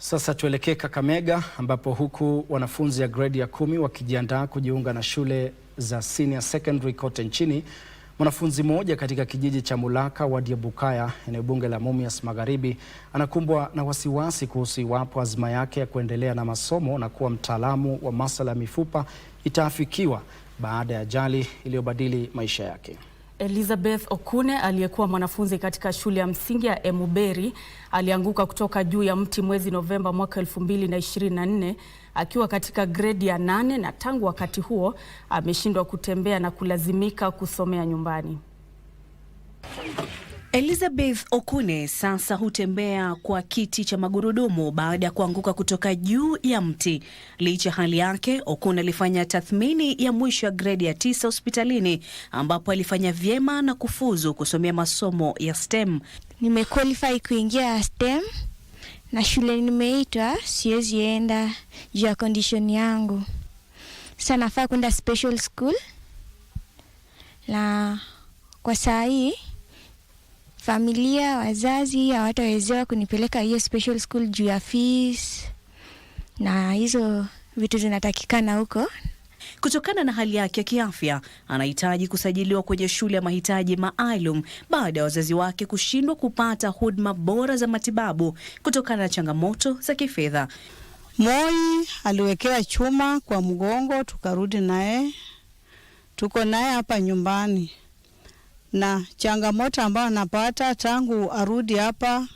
Sasa tuelekee Kakamega ambapo huku wanafunzi ya gredi ya kumi wakijiandaa kujiunga na shule za senior secondary kote nchini, mwanafunzi mmoja katika kijiji cha Mulaka wadi ya Bukaya eneo bunge la Mumias Magharibi anakumbwa na wasiwasi kuhusu iwapo azima yake ya kuendelea na masomo na kuwa mtaalamu wa masuala ya mifupa itaafikiwa baada ya ajali iliyobadili maisha yake. Elizabeth Okune aliyekuwa mwanafunzi katika shule ya msingi ya Emuberi alianguka kutoka juu ya mti mwezi Novemba mwaka 2024 akiwa katika gredi ya nane na tangu wakati huo ameshindwa kutembea na kulazimika kusomea nyumbani. Elizabeth Okune sasa hutembea kwa kiti cha magurudumu baada ya kuanguka kutoka juu ya mti. Licha hali yake, Okune alifanya tathmini ya mwisho ya gredi ya tisa hospitalini ambapo alifanya vyema na kufuzu kusomea masomo ya STEM. Nimequalify kuingia STEM na shule nimeitwa, siwezi enda juu ya condition yangu, sasa nafaa kwenda special school, na kwa saa hii familia, wazazi hawatawezewa kunipeleka hiyo special school juu ya fees na hizo vitu zinatakikana huko. Kutokana na hali yake ya kiafya, anahitaji kusajiliwa kwenye shule ya mahitaji maalum baada ya wazazi wake kushindwa kupata huduma bora za matibabu kutokana na changamoto za kifedha. Moi aliwekea chuma kwa mgongo, tukarudi naye, tuko naye hapa nyumbani na changamoto ambayo anapata tangu arudi hapa,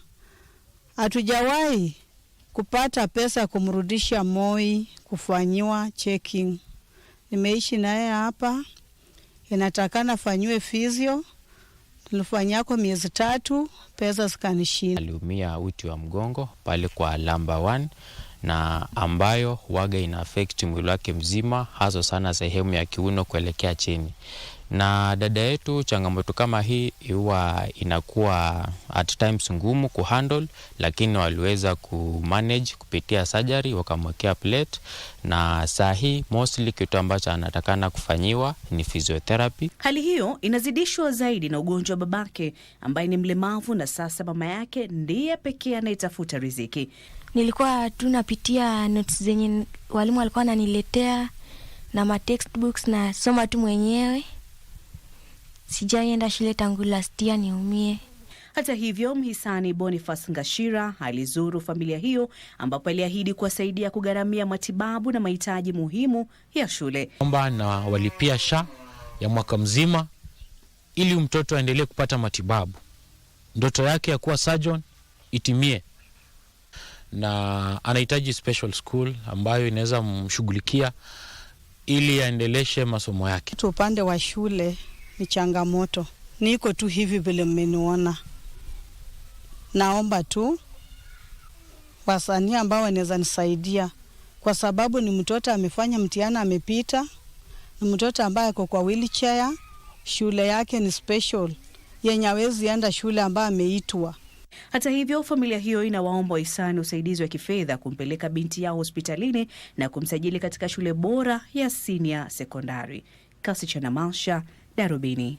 hatujawahi kupata pesa ya kumrudisha Moi kufanyiwa checking. Nimeishi naye hapa, inatakana afanyiwe fizio nilifanyako miezi tatu, pesa zikanishinda. Aliumia uti wa mgongo pale kwa lamba 1 na ambayo waga ina affect mwili wake mzima, hasa sana sehemu ya kiuno kuelekea chini na dada yetu, changamoto kama hii huwa inakuwa at times ngumu handle, lakini waliweza manage kupitia surgery, wakamwekea plate, na saa hii mostly kitu ambacho anatakana kufanyiwa ni physiotherapy. Hali hiyo inazidishwa zaidi na ugonjwa wa babake ambaye ni mlemavu, na sasa mama yake ndiye pekee anayetafuta riziki. Nilikuwa napitia notes zenye walimu walikuwa wananiletea na ma textbooks na soma tu mwenyewe sijaienda shule tangu lastia niumie. Hata hivyo, mhisani Boniface Ngashira alizuru familia hiyo ambapo aliahidi kuwasaidia kugharamia matibabu na mahitaji muhimu ya shule. Omba na walipia sha ya mwaka mzima ili mtoto aendelee kupata matibabu, ndoto yake ya kuwa surgeon itimie, na anahitaji special school ambayo inaweza mshughulikia ili aendeleshe masomo yake. Upande wa shule ni changamoto. Niko tu hivi vile mmeniona. Naomba tu wasanii ambao wanaweza nisaidia, kwa sababu ni mtoto amefanya mtihani amepita, ni mtoto ambaye ako kwa wheelchair, shule yake ni special yenye hawezi enda shule ambayo ameitwa. Hata hivyo, familia hiyo inawaomba wahisani usaidizi wa kifedha kumpeleka binti yao hospitalini na kumsajili katika shule bora ya senior sekondari. Kasi cha namasha Darubini.